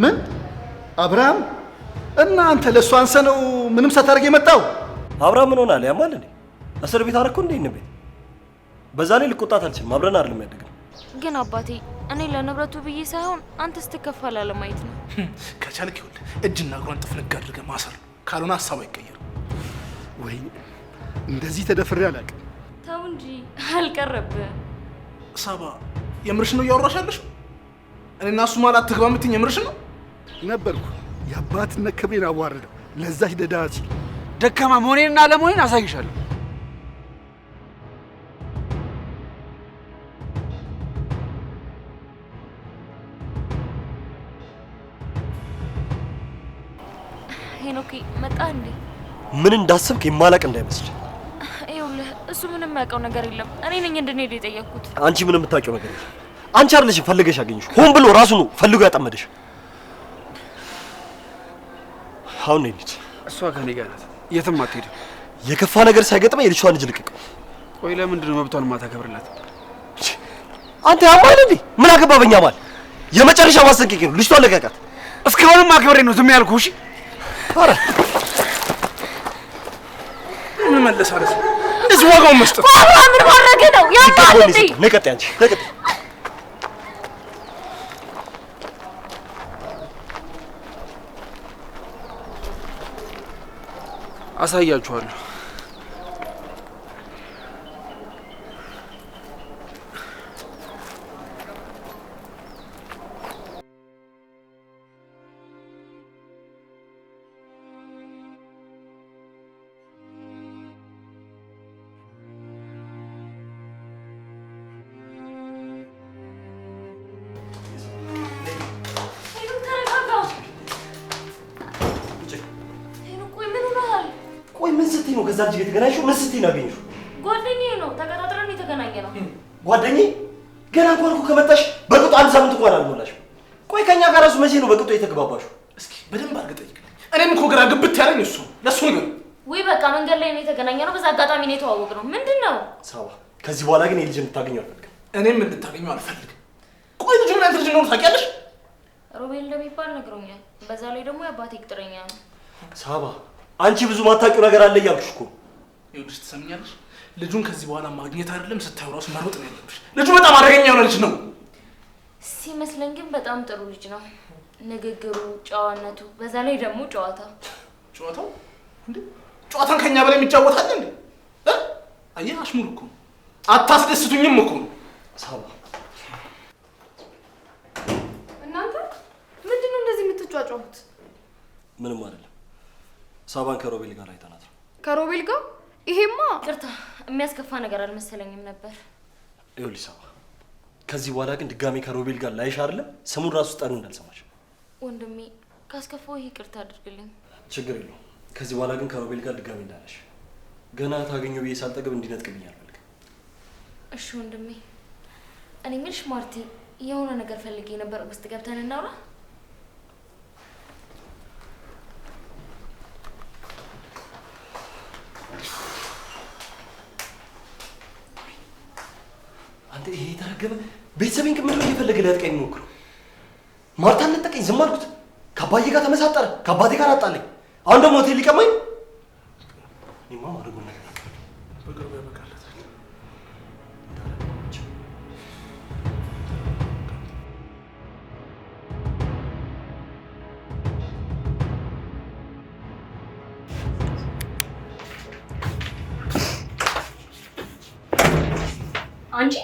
ምን አብርሃም? እና አንተ ለእሱ አንሰ ነው ምንም ሳታደርግ የመጣው አብርሃም ምን ሆናል? ያማል እንዴ? እስር ቤት አደረኩ እንዴ? እነ በዛ ላይ ልቆጣት አልችልም። አብረን አይደለም ያደግነው። ግን አባቴ እኔ ለንብረቱ ብዬ ሳይሆን አንተ ስትከፋል ለማየት ነው። ከቻልክ ይኸውልህ እጅና እግሯን ጥፍንግ አድርገህ ማሰር ነው። ካልሆነ ሀሳብ አይቀየርም። ወይ እንደዚህ ተደፍሬ አላውቅም። ተው እንጂ አልቀረብህም። ሳባ የምርሽ ነው እያወራሽ ያለሽው? እኔና እሱ ማለት አትግባ የምትይኝ የምርሽ ነው? ነበርኩ። የአባትነት ክብሬን አዋርደው ለዛች ደዳ ሲል ደካማ መሆኔንና አለመሆኔን አሳይሻለሁ። ሄኖክ መጣ እንዴ? ምን እንዳስብክ የማላቅ እንዳይመስል ይኸውልህ፣ እሱ ምንም ያውቀው ነገር የለም። እኔ ነኝ እንድንሄድ የጠየቅኩት። አንቺ ምንም የምታውቂው ነገር የለም። አንቺ አይደለሽም ፈልገሽ ያገኘሽው። ሆን ብሎ ራሱ ነው ፈልጎ ያጠመደሽ። አሁን እንሂድ። እሷ ከኔ ጋር ናት፣ የትም አትሄድም። የከፋ ነገር ሳይገጥመኝ የልጅቷን ልጅ ልቅቅ። ቆይ ለምንድን ነው መብቷን ማታከብርላት? አንተ ያማል እንዴ? ምን አገባ በኛ ማል። የመጨረሻ ማስጠንቀቂያ ነው፣ ልጅቷን ልቀቃት። እስካሁንም አክብሬ ነው ዝም ያልኩ። እሺ አረ ምን መለስ አለስ እዚህ ዋጋውን መስጠት ምን ማድረግ ነው ያማል እንዴ? ነቀጥ ያንቺ ነቀጥ አሳያችኋለሁ። ልጅ የተገናኘሽው ምን ስትይ ነው ያገኘሽው? ጓደኛዬ ነው ተቀጣጥረን የተገናኘ ነው። ጓደኛዬ ገና እንኳን እኮ ከመጣሽ በቅጡ አንድ ሳምንት እንኳን አልሞላሽም። ቆይ ከኛ ጋር እሱ መቼ ነው በቅጡ የተግባባሽው? እስኪ በደንብ አድርገህ ጠይቅ። እኔም እኮ ግራ ግብት ያለኝ እሱ ለሱ ነው። ወይ በቃ መንገድ ላይ ነው የተገናኘ ነው። በዛ አጋጣሚ ነው የተዋወቅ ነው። ምንድን ነው ሳባ፣ ከዚህ በኋላ ግን የልጅ እንድታገኘው አልፈልግም። እኔም እንድታገኘው አልፈልግም። ቆይ ልጁ ምን አይነት ልጅ ነው ታውቂያለሽ? ሮቤል እንደሚባል ነግሮኛል። በዛ ላይ ደግሞ የአባቴ ቅጥረኛ ነው። ሳባ አንቺ ብዙ ማታውቂው ነገር አለ እያልኩሽ እኮ። ይኸውልሽ ትሰምኛለሽ፣ ልጁን ከዚህ በኋላ ማግኘት አይደለም ስታዩ ራሱ መሮጥ ነው ያለብሽ። ልጁ በጣም አደገኛ የሆነ ልጅ ነው። ሲመስለኝ ግን በጣም ጥሩ ልጅ ነው። ንግግሩ፣ ጨዋነቱ፣ በዛ ላይ ደግሞ ጨዋታ ጨዋታው እንዴ! ጨዋታን ከኛ በላይ የሚጫወታል እንዴ! አየህ፣ አሽሙር እኮ አታስደስቱኝም እኮ ሳባ እናንተ ምንድን ነው እንደዚህ የምትጫጫሁት? ምንም አይደለም። ሳባን ከሮቤል ጋር አይተናት ነው። ከሮቤል ጋር ይሄማ፣ ቅርታ የሚያስከፋ ነገር አልመሰለኝም ነበር። ይኸውልሽ ሳባ፣ ከዚህ በኋላ ግን ድጋሜ ከሮቤል ጋር ላይሽ አይደለም፣ ስሙን ራሱ ጠሩ እንዳልሰማች። ወንድሜ ካስከፋው ይሄ ቅርታ አድርግልኝ። ችግር የለውም። ከዚህ በኋላ ግን ከሮቤል ጋር ድጋሜ እንዳለሽ ገና ታገኘ ብዬ ሳልጠገብ እንዲነጥቅብኝ አልፈልግም። እሺ ወንድሜ፣ እኔ የምልሽ ማርቲ፣ የሆነ ነገር ፈልጌ ነበር። ውስጥ ገብተን እናውራ። አንተ ይሄ የተረገመ ቤተሰቤን ክምር እየፈለገ ሊያጥቀኝ ሞክሩ? ማርታ ነጠቀኝ፣ ዝም አልኩት። ከአባዬ ጋር ተመሳጠረ፣ ከአባቴ ጋር አጣለኝ። አሁን ደግሞ ሆቴል ሊቀማኝ ማ ማድረጉ አንቺ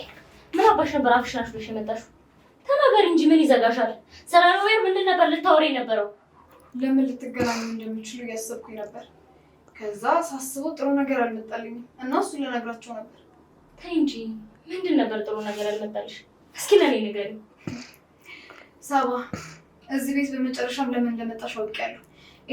አባሽ ነበር አፍሽን አሽሎሽ የመጣሽው? ተናገሪ እንጂ ምን ይዘጋሻል? ስራ ነው ወይ ምንድን ነበር ልታወሪ የነበረው? ለምን ልትገናኙ እንደሚችሉ እያሰብኩኝ ነበር። ከዛ ሳስበው ጥሩ ነገር አልመጣልኝም እና እሱ ልነግራቸው ነበር። ተይ እንጂ ምንድን ነበር ጥሩ ነገር አልመጣልሽ? እስኪ ለኔ ንገሪ። ሳባ እዚህ ቤት በመጨረሻም ለምን እንደመጣሽ አውቄያለሁ።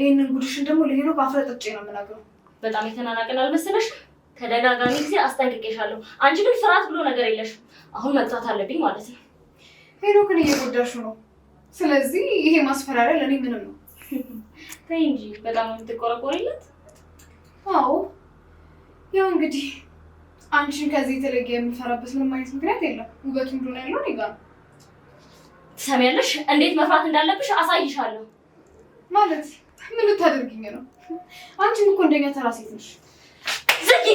ይህንን ጉድሽን ደግሞ ለሄኖክ አፍረጥጬ ነው የምናግረው። በጣም የተናናቅን አልመሰለሽም? ተደጋጋሚ ጊዜ አስጠንቅቄሻለሁ። አንቺ ግን ፍርሃት ብሎ ነገር የለሽም። አሁን መጥታት አለብኝ ማለት ነው። ሄኖክን እየጎዳሹ ነው። ስለዚህ ይሄ ማስፈራሪያ ለእኔ ምንም ነው። ተይ እንጂ በጣም የምትቆረቆሪለት። አዎ ያው እንግዲህ አንቺን ከዚህ የተለየ የምፈራበት ምንም አይነት ምክንያት የለም። ውበቱ እንደሆነ ያለው እኔ ጋር ነው። ትሰሚያለሽ? እንዴት መፍራት እንዳለብሽ አሳይሻለሁ። ማለት ምን ልታደርግኝ ነው? አንቺም እኮ እንደኛ ተራ ሴት ነሽ። ዝጊ።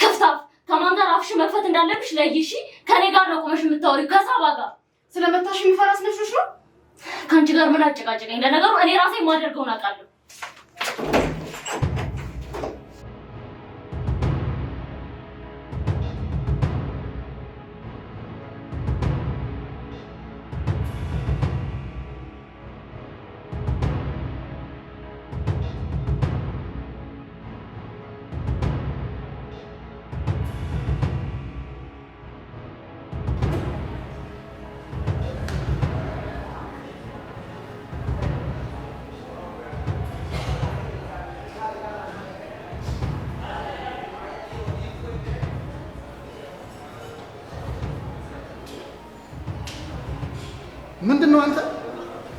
ክፍታፍ ከማን ጋር አፍሽ መክፈት እንዳለብሽ ለይ። ከኔ ጋር ነው ቆመሽ የምታወሪው? ከሳባ ጋር ስለመታሽ የሚፈራስ ነሽ ነው። ከአንቺ ጋር ምን አጨቃጨቀኝ? ለነገሩ እኔ ራሴ ማደርገውን አውቃለሁ።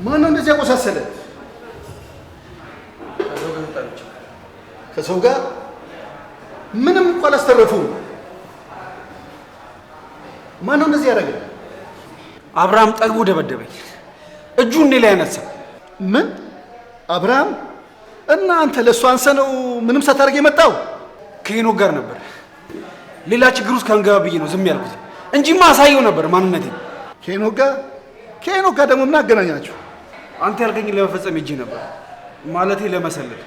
ማን ነው እንደዚህ ያቆሳሰለ? ከሰው ጋር ምንም እንኳን አላስተረፉም። ማን ነው እንደዚህ ያደረገ? አብርሃም ጠግቦ ደበደበኝ። እጁ እኔ ላይ ያነሳ። ምን አብርሃም? እና አንተ ለእሱ አንሰ ነው ምንም ሳታደርግ የመጣው? ከሄኖክ ጋር ነበር። ሌላ ችግር ውስጥ ከንገባ ብዬ ነው ዝም ያልኩት እንጂ ማሳየው ነበር ማንነቴ። ከሄኖክ ጋር ከሄኖክ ጋር ደግሞ ምን አገናኛችሁ? አንተ ያልከኝ ለመፈጸም እጅ ነበር፣ ማለቴ ለመሰለል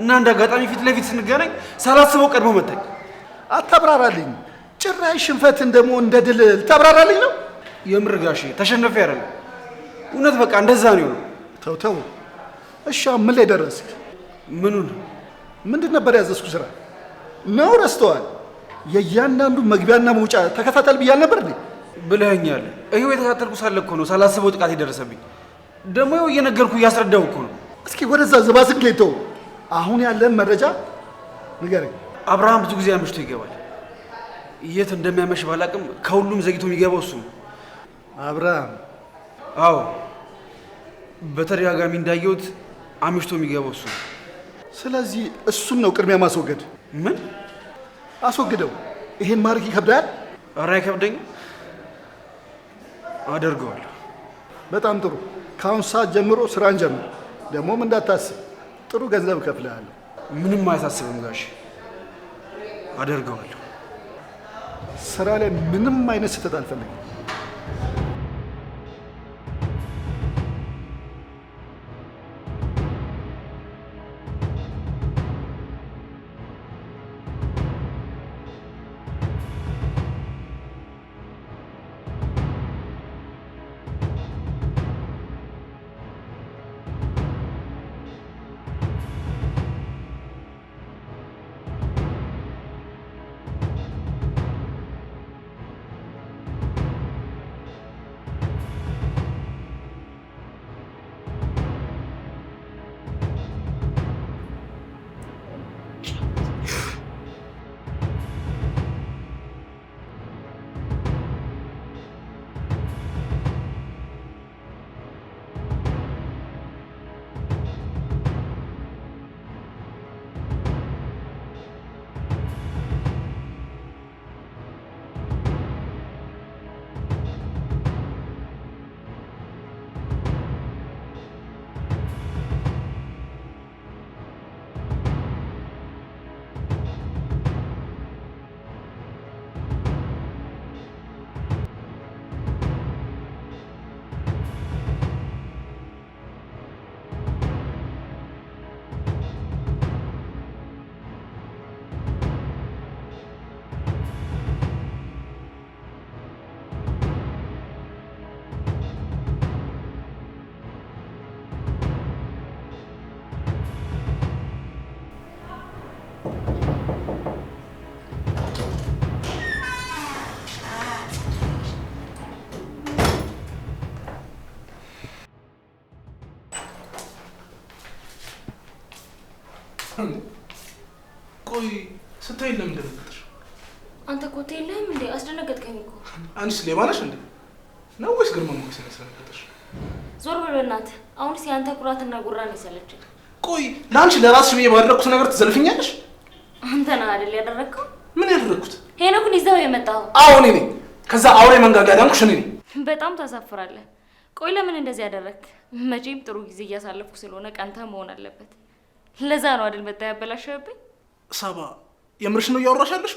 እና እንደ አጋጣሚ ፊት ለፊት ስንገናኝ ሳላስበው ቀድሞ መታኝ። አታብራራልኝ። ጭራሽ ሽንፈትን ደግሞ እንደ ድል ልታብራራልኝ ነው? የምር ጋሼ ተሸነፈ ያረል እውነት በቃ እንደዛ ነው የሆነው። ተው ተው። እሺ ምን ላይ ደረስክ? ምኑን? ምንድን ነበር ያዘዝኩ ስራ ነው? ረስተዋል። የእያንዳንዱ መግቢያና መውጫ ተከታተል ብያል ነበር ብለኸኛል። ይኸው የተከታተልኩ ሳለ እኮ ነው ሳላስበው ጥቃት የደረሰብኝ። ደግሞ ይኸው እየነገርኩ እያስረዳው እኮ ነው። እስኪ ወደዛ ዝባ ስኬቶ አሁን ያለን መረጃ ንገረኝ። አብርሃም ብዙ ጊዜ አምሽቶ ይገባል። የት እንደሚያመሽ ባላቅም ከሁሉም ዘግቶ የሚገባው እሱ ነው። አብርሃም? አዎ፣ በተደጋጋሚ እንዳየሁት አምሽቶ የሚገባው እሱ ነው። ስለዚህ እሱን ነው ቅድሚያ ማስወገድ። ምን አስወግደው? ይሄን ማድረግ ይከብዳል። ኧረ አይከብደኝም፣ አደርገዋለሁ። በጣም ጥሩ ከአሁን ሰዓት ጀምሮ ስራን ጀምር። ደግሞም እንዳታስብ ጥሩ ገንዘብ እከፍልሃለሁ። ምንም አያሳስብም ጋሽ፣ አደርገዋለሁ። ስራ ላይ ምንም አይነት ስህተት አልፈልግም። ቆይ ስታይ ለምን ደነገጥሽ? አንተ እኮ የለህም እንዴ? አስደነገጥከኝ እኮ። አንቺስ ሌባ ነሽ እንዴ? ነው ወይስ ግርማ ሞገስ ያስደነገጠሽ? ዞር በል በእናትህ። አሁንስ የአንተ ኩራትና ጉራ ነው የሰለቸኝ። ቆይ ለአንቺ ለራስሽ ብዬ ባደረግኩት ነገር ትዘልፍኛለሽ? አንተ ነህ አይደል ያደረግከው? ምን ያደረግኩት? ሄኖክን ይዘው የመጣኸው? አዎ እኔ ነኝ። ከዛ አውሬ መንጋጋ ዳንኩሽ እኔ ነኝ። በጣም ታሳፍራለህ። ቆይ ለምን እንደዚህ ያደረግክ? መቼም ጥሩ ጊዜ እያሳለፍኩ ስለሆነ ቀንተህ መሆን አለበት። ለዛ ነው አይደል መጣ ያበላሸብኝ። ሰባ የምርሽ ነው እያወራሽ ያለሽ?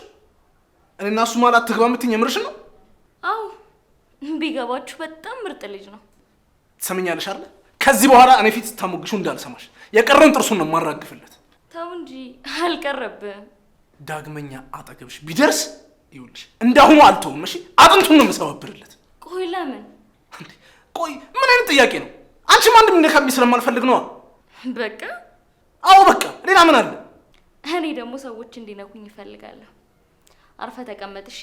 እኔና እሱ ማለት አትግባ የምትይኝ የምርሽ ነው? አዎ ቢገባችሁ በጣም ምርጥ ልጅ ነው። ትሰምኛለሽ አለ። ከዚህ በኋላ እኔ ፊት ታሞግሹ እንዳልሰማሽ የቀረን ጥርሱን ነው የማራግፍለት። ተው እንጂ አልቀረብም። ዳግመኛ አጠገብሽ ቢደርስ ይኸውልሽ እንዳሁኑ አልተውም። እሺ አጥንቱን ነው የምሰባብርለት። ቆይ ለምን? ቆይ ምን አይነት ጥያቄ ነው? አንቺም ማንም ነካሚ ስለማልፈልግ ነዋ። በቃ አዎ በቃ ሌላ ምን አለ? እኔ ደግሞ ሰዎች እንዲነኩኝ እፈልጋለሁ። አርፈ ተቀመጥ እሺ።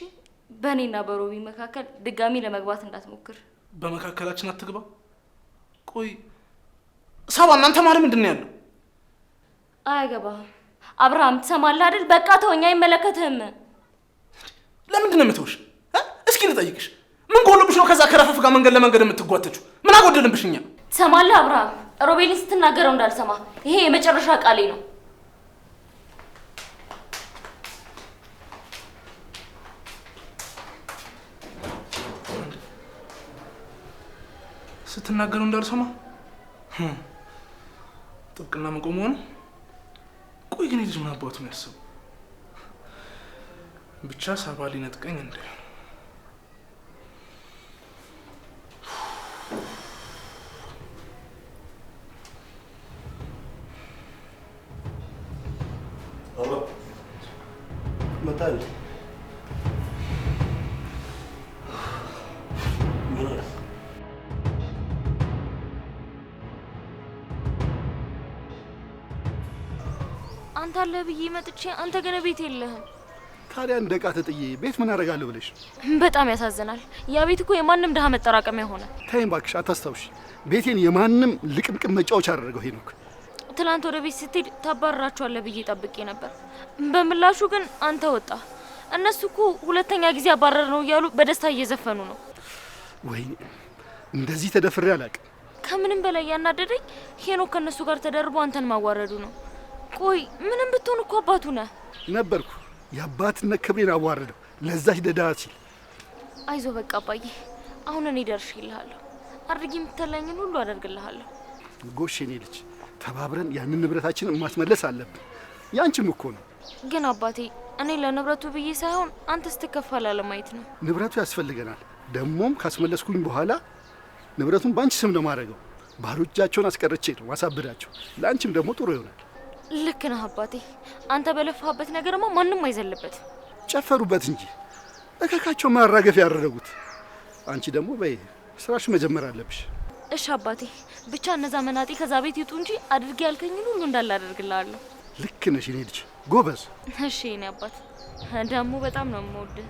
በእኔና በሮቢ መካከል ድጋሚ ለመግባት እንዳትሞክር። በመካከላችን አትግባ። ቆይ ሰባ እናንተ ማለት ምንድን ነው ያለው? አያገባህም። አብርሃም ትሰማለህ አይደል? በቃ ተወኝ፣ አይመለከትህም። ለምንድን ነው የምትውሽ? እስኪ ልጠይቅሽ፣ ምን ጎልብሽ ነው ከዛ ከረፈፍ ጋር መንገድ ለመንገድ የምትጓተችው? ምን አጎደልንብሽ እኛ? ትሰማለህ አብርሃም ሮቤልን ስትናገረው እንዳልሰማ ይሄ የመጨረሻ ቃሌ ነው። ስትናገረው እንዳልሰማ hm። ጥብቅና መቆም ሆነ። ቆይ ግን ልጅ አባቱ ነው ብቻ ሳባ ሊነጥቀኝ እንደ Alo. መጣል አንተ አለ ብዬ መጥቼ አንተ ግን ቤት የለህም። ታዲያ እንደ ዕቃ ተጥዬ ቤት ምን አደርጋለሁ ብለሽ? በጣም ያሳዝናል። ያ ቤት እኮ የማንም ድሃ መጠራቀሚያ ሆነ። ተይም እባክሽ አታስታውሽ። ቤቴን የማንም ልቅምቅም መጫወቻ አደረገው ሄኖክ። ትላንት ወደ ቤት ስትሄድ ታባርራቸዋለህ ብዬ ጠብቄ ነበር። በምላሹ ግን አንተ ወጣ። እነሱ እኮ ሁለተኛ ጊዜ አባረር ነው እያሉ በደስታ እየዘፈኑ ነው። ወይ እንደዚህ ተደፍሬ አላቅ። ከምንም በላይ ያናደደኝ ሄኖክ ከእነሱ ጋር ተደርቦ አንተን ማዋረዱ ነው። ቆይ ምንም ብትሆን እኮ አባቱ ነ ነበርኩ። የአባትነት ክብሬን አዋረደው ለዛች ደዳ ሲል። አይዞ በቃ አባዬ፣ አሁን እኔ ይልሃለሁ። አድርጊ የምትለኝን ሁሉ አደርግልሃለሁ። ጎሽ ኔ ልጅ ተባብረን ያንን ንብረታችንን ማስመለስ አለብን። ያንቺም እኮ ነው። ግን አባቴ እኔ ለንብረቱ ብዬ ሳይሆን አንተ ስትከፋል ለማየት ነው። ንብረቱ ያስፈልገናል። ደግሞም ካስመለስኩኝ በኋላ ንብረቱን በአንቺ ስም ነው ማድረገው። ባዶ እጃቸውን አስቀርቼ ነው ማሳብዳቸው። ለአንቺም ደግሞ ጥሩ ይሆናል። ልክ ነህ አባቴ። አንተ በለፋህበት ነገርማ ማንም አይዘልበት። ጨፈሩበት እንጂ እከካቸው ማራገፍ ያደረጉት። አንቺ ደግሞ በይ ስራሽ መጀመር አለብሽ። እሺ አባቴ፣ ብቻ እነዛ መናጤ ከዛ ቤት ይጡ እንጂ አድርጌ ያልከኝን ሁሉ እንዳላደርግልሃለሁ። ልክ ነሽ የኔ ልጅ ጎበዝ። እሺ የኔ አባት፣ ደግሞ በጣም ነው የምወድህ።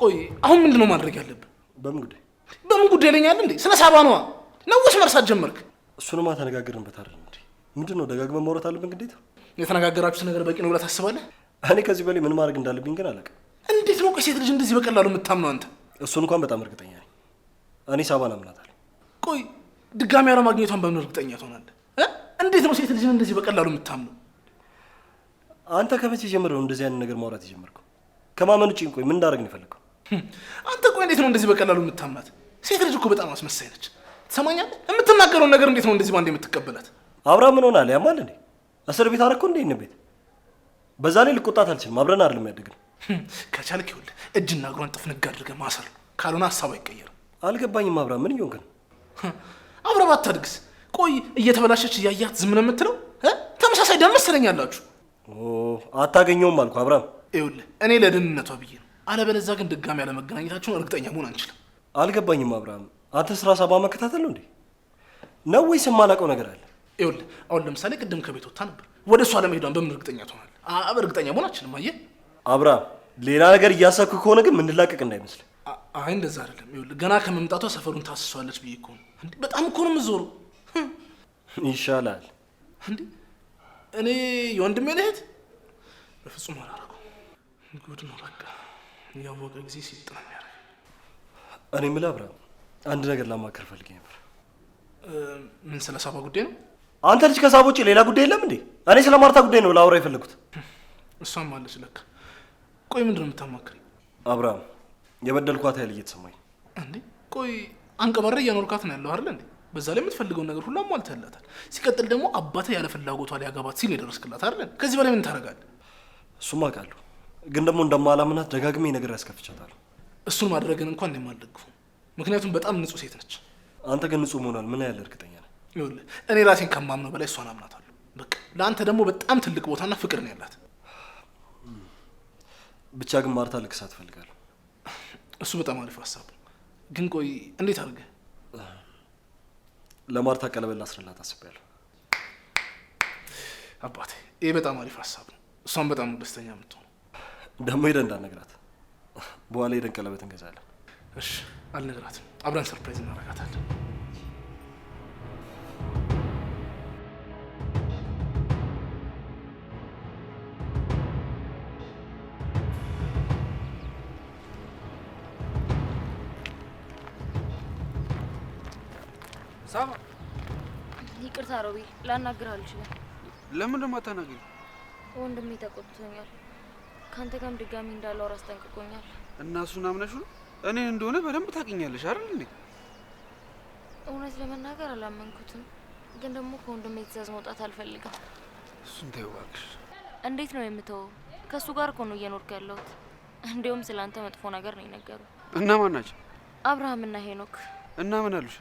ቆይ አሁን ምንድን ነው ማድረግ ያለብን? በምን ጉዳይ በምን ጉዳይ ለኛል እንዴ? ስለ ሳባ ነዋ። ነውስ መርሳት ጀመርክ? እሱንማ ተነጋገርንበት አይደል እንዴ? ምንድን ነው ደጋግመን ማውራት አለብን ግዴታ? የተነጋገራችሁት ነገር በቂ ነው ብለህ ታስባለህ? እኔ ከዚህ በላይ ምን ማድረግ እንዳለብኝ ግን አላውቅም። እንዴት ነው ሴት ልጅ እንደዚህ በቀላሉ የምታምነው አንተ? እሱን እንኳን በጣም እርግጠኛ ነኝ። እኔ ሳባን አምናታለሁ። ቆይ ድጋሚ አለማግኘቷን በምን እርግጠኛ ትሆናለህ? እንዴት ነው ሴት ልጅን እንደዚህ በቀላሉ የምታምነው? አንተ ከመቼ ጀምረው ነው እንደዚህ አይነት ነገር ማውራት የጀመርከው? ከማመን ውጭ ቆይ ምን እንዳደረግ ነው የፈለግከው? Hm። አንተ ቆይ እንዴት ነው እንደዚህ በቀላሉ የምታምናት? ሴት ልጅ እኮ በጣም አስመሳይ ነች። ትሰማኛለህ? የምትናገረውን ነገር እንዴት ነው እንደዚህ ባንዴ የምትቀበላት? አብርሃም ምን ሆናለህ? ያማል እንዴ? እስር ቤት አደረግከው እንዴ? ቤት በዛ ላይ ልቆጣት አልችልም። አብረን አይደለም ያደግን። ከቻልክ ይኸውልህ እጅና እግሯን ጥፍንግ አድርገ ማሰር፣ ካልሆነ ሀሳቡ አይቀየርም። አልገባኝም። አብራ ምን ይሆን ግን? አብረ ባታድግስ? ቆይ እየተበላሸች እያያት ዝም ነው የምትለው? ተመሳሳይ ደም መሰለኝ አላችሁ። አታገኘውም አልኩ አብራም። ይኸውልህ እኔ ለደህንነቷ ብዬ ነው። አለበለዚያ ግን ድጋሚ ያለመገናኘታችሁን እርግጠኛ መሆን አንችልም። አልገባኝም አብርሃም፣ አንተ ስራ ሳባ መከታተል ነው እንዴ ነው ወይስ የማላውቀው ነገር አለ? ይኸውልህ አሁን ለምሳሌ ቅድም ከቤት ወጥታ ነበር። ወደ እሷ ለመሄዷን በምን እርግጠኛ ትሆናለህ? እርግጠኛ መሆን አልችልም። አየህ አብራ፣ ሌላ ነገር እያሳኩ ከሆነ ግን ምንላቀቅ እንዳይመስል። አይ እንደዛ አይደለም። ይኸውልህ ገና ከመምጣቷ ሰፈሩን ታስሷለች ብዬ ከሆነ ነው። በጣም እኮ ነው የምትዞረው። ይሻላል እንዴ እኔ የወንድሜ ልሄድ በፍጹም አላረኩም። ጉድ ነው በቃ እያወቀ ጊዜ ሲጥ ነው የሚያደርግ። እኔ የምልህ አብራ፣ አንድ ነገር ላማከር ፈልጌ ነበር። ምን ስለ ሳባ ጉዳይ ነው አንተ ልጅ ከሳብ ውጭ ሌላ ጉዳይ የለም እንዴ? እኔ ስለ ማርታ ጉዳይ ነው ላውራ የፈለኩት። እሷም አለች ለካ። ቆይ ምንድን ነው የምታማክረኝ? አብርሃም፣ የበደልኳት ያህል እየተሰማኝ እንዴ። ቆይ አንቀባረ እያኖርካት ነው ያለው አለ እንዴ? በዛ ላይ የምትፈልገውን ነገር ሁሉ አሟልተህላታል። ሲቀጥል ደግሞ አባትህ ያለ ፍላጎቷ ሊያገባት ሲል የደረስክላት አይደል? ከዚህ በላይ ምን ታደርጋለህ? እሱም አውቃለሁ፣ ግን ደግሞ እንደማላምናት ደጋግሜ ነገር ያስከፍቻታል። እሱን ማድረግን እንኳን እንደማልደግፉ፣ ምክንያቱም በጣም ንጹህ ሴት ነች። አንተ ግን ንጹህ መሆናል ምን ያህል እርግጠኛ ይሁን እኔ ራሴን ከማምነው በላይ እሷን አምናታለሁ። በቃ ለአንተ ደግሞ በጣም ትልቅ ቦታና ፍቅር ነው ያላት። ብቻ ግን ማርታ ልክሳት እፈልጋለሁ። እሱ በጣም አሪፍ ሀሳብ ነው፣ ግን ቆይ እንዴት አድርገህ ለማርታ ቀለበት ላስረላት አስቤያለሁ። አባቴ ይህ በጣም አሪፍ ሀሳብ ነው። እሷን በጣም ደስተኛ የምትሆነው ደግሞ ሄደን እንዳነግራት በኋላ ሄደን ቀለበት እንገዛለን። እሺ አልነግራትም። አብረን ሰርፕራይዝ እናደርጋታለን። ላናግር አልችልም። ለምን ደሞ አታናግሪኝ? ወንድሜ ተቆጥቶኛል። ካንተ ጋርም ድጋሚ እንዳላወራ አስጠንቅቆኛል። እና እሱን አምነሹ እኔን እንደሆነ በደንብ ታውቂኛለሽ አይደል? እንዴ እውነት ለመናገር አላመንኩትም፣ ግን ደግሞ ከወንድሜ ትእዛዝ መውጣት አልፈልግም። እሱን ተይው እባክሽ። እንዴት ነው የምተወው? ከእሱ ጋር እኮ ነው እየኖርክ ያለሁት። እንዲሁም ስለ አንተ መጥፎ ነገር ነው የነገሩ። እና ማን ናቸው? አብርሃምና ሄኖክ። እና ምን አሉሽ?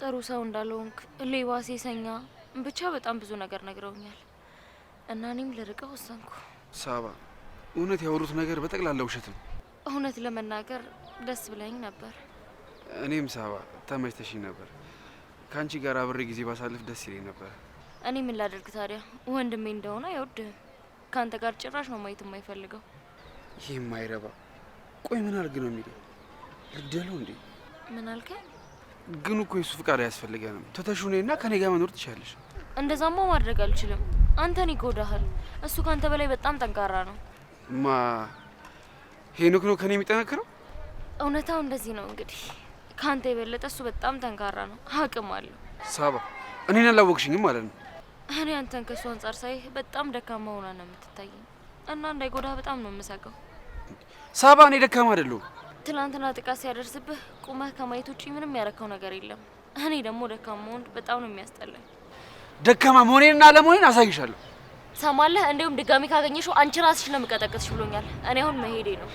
ጥሩ ሰው እንዳልሆንክ ሌባ፣ ሴሰኛ ብቻ በጣም ብዙ ነገር ነግረውኛል እና እኔም ልርቀው ወሰንኩ። ሳባ፣ እውነት ያወሩት ነገር በጠቅላላ ውሸት ነው። እውነት ለመናገር ደስ ብላኝ ነበር። እኔም ሳባ፣ ተመችተሽኝ ነበር። ከአንቺ ጋር አብሬ ጊዜ ባሳልፍ ደስ ይለኝ ነበር። እኔ ምን ላደርግ ታዲያ፣ ወንድሜ እንደሆነ አይወድህም። ከአንተ ጋር ጭራሽ ነው ማየት የማይፈልገው። ይህ የማይረባ ቆይ፣ ምን አድርግ ነው የሚለው? ልደለው እንዴ? ምን አልከኝ? ግን እኮ የሱ ፍቃድ አያስፈልገንም። ተተሹ እኔና ከኔ ጋር መኖር ትችላለሽ። እንደዛማ ማድረግ አልችልም። አንተን ይጎዳሃል። እሱ ከአንተ በላይ በጣም ጠንካራ ነው። ማ ሄኖክ ነው ከኔ የሚጠነክረው? እውነታው እንደዚህ ነው እንግዲህ። ከአንተ የበለጠ እሱ በጣም ጠንካራ ነው፣ አቅም አለው። ሳባ እኔን አላወቅሽኝም ማለት ነው። እኔ አንተን ከእሱ አንጻር ሳይ በጣም ደካማ ሆና ነው የምትታየኝ እና እንዳይጎዳህ በጣም ነው የምሰጋው። ሳባ እኔ ደካማ አይደለሁም። ትናንትና ጥቃት ሲያደርስብህ ቁመህ ከማየት ውጭ ምንም ያረከው ነገር የለም። እኔ ደግሞ ደካማ መሆን በጣም ነው የሚያስጠላኝ። ደካማ መሆኔንና አለመሆኔን አሳይሻለሁ። ሰማለህ? እንዲሁም ድጋሚ ካገኘሽው አንቺ ራስሽ ነው የምቀጠቅስሽ ብሎኛል። እኔ አሁን መሄዴ ነው።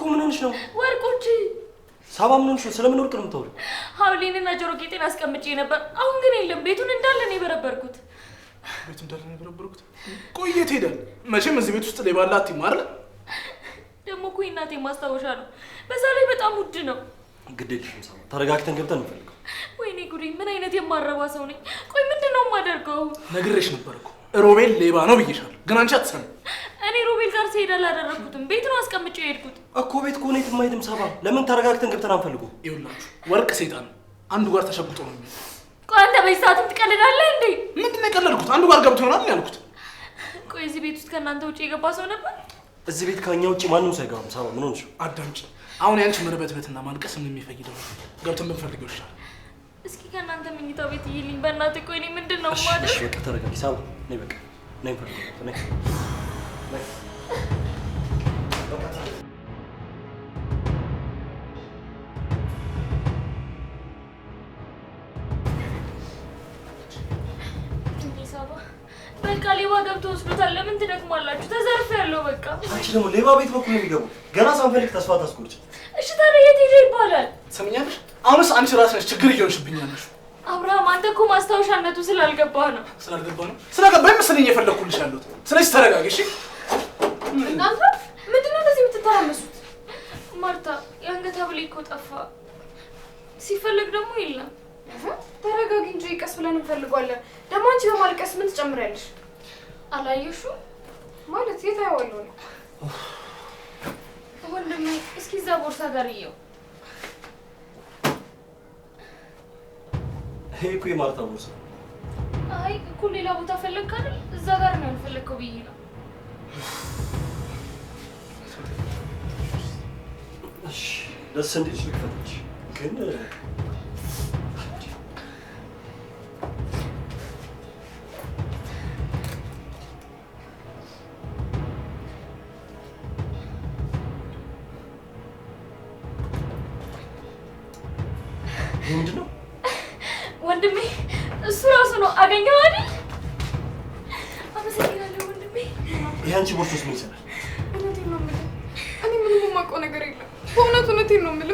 እኮ ምን ሆነሽ ነው? ወርቆች ሳባ ምን ነው? ስለምን ወርቅ ነው የምታወሪው? ሀብሌንና ጆሮ ጌጤን አስቀምጬ ነበር። አሁን ግን የለም። ቤቱን እንዳለ ነው የበረበርኩት። ቤቱ እንዳለ ነው የበረበርኩት? ቆየት ሄደ? መቼም እዚህ ቤት ውስጥ ሌባ አለ አትይም ደግሞ እኮ እናቴ ማስታወሻ ነው። በዛ ላይ በጣም ውድ ነው። ግድ የለሽም ሳባ፣ ተረጋግተን ገብተን እንፈልገው። ወይኔ ጉዴ! ምን አይነት የማረባ ሰው ነኝ። ቆይ ምንድን ነው የማደርገው? ነግሬሽ ነበር እኮ ሮቤል ሌባ ነው ብዬሻለሁ፣ ግን አንቺ አትሰማም። እኔ ሮቤል ጋር ሲሄድ አላደረግኩትም። ቤት ነው አስቀምጬ የሄድኩት እኮ። ቤት ከሆነ የትም አይሄድም። ሰባ ለምን ተረጋግተን ገብተን አንፈልጉ? ይኸውላችሁ ወርቅ ሴጣን አንዱ ጋር ተሸጉጦ ነው የሚሄድ። ቆይ አንተ በዚህ ሰዓትም ትቀልዳለህ እንዴ? ምንድን ነው የቀለድኩት? አንዱ ጋር ገብቶ ይሆናል ያልኩት። ቆይ እዚህ ቤት ውስጥ ከእናንተ ውጭ የገባ ሰው ነበር? እዚህ ቤት ከኛ ውጭ ማንም ሰው አይገባም። ሰባ ምን ሆንሽ? አዳምጪ። አሁን ያንቺ መርበትበትና ማልቀስ ምን የሚፈይደው? ገብተን ብንፈልገው ይሻል። እስኪ ከእናንተ መኝታ ቤት ይልኝ በእናትህ። ቆይ እኔ ምንድን ነው ማደር? በቃ ተረጋጊ ሰባ። ነይ በቃ ነይ፣ ፈልገ ነይ በቃ ሌባ ገብቶ ወስዶታል። ለምን ትደክማላችሁ? ተዘርፍ ያለው በቃ አንቺ ደግሞ ሌባ ቤት በኩል ነው የሚገቡ። ገና ሳንፈልግ ተስፋ ታስቆርጭ። እሺ ታዲያ የት ሄደ ይባላል? ትሰምኛለሽ? አሁንስ አንቺ ራስ ነሽ ችግር እየሆንሽብኝ አብርሃም አንተ እኮ ማስታወሻነቱ ስላልገባህ ነው። ስላልገባህ ነው? ስለገባኝ መሰለኝ እየፈለግኩልሽ ያለሁት። ስለዚህ ተረጋግሽ እናንተ ምንድን ነው እንደዚህ የምትተራመሱት? ማርታ የአንገት ሐብል እኮ ጠፋ፣ ሲፈልግ ደግሞ የለም። ተረጋጊ እንጂ ቀስ ብለን እንፈልጓለን። ደግሞ አንቺ በማልቀስ ምን ትጨምሪያለሽ? አላየሹ ማለት የት አየዋለሁ ነው ወንድሜ። እስኪ እዛ ቦርሳ ጋር እየው። ይሄ እኮ የማርታ ቦርሳ። አይ እኮ ሌላ ቦታ ፈለግ አይደል? እዛ ጋር ነው ያልፈለግከው ብዬ ነው ደስ እንዲልሽ ልክፈትልሽ ግን ምንድን ነው ወንድሜ? እሱ ራሱ ነው። አገኘው አይደል? አመሰግናለሁ ወንድሜ። ቦርሶስ ምን ይሰራል? effettivamente non me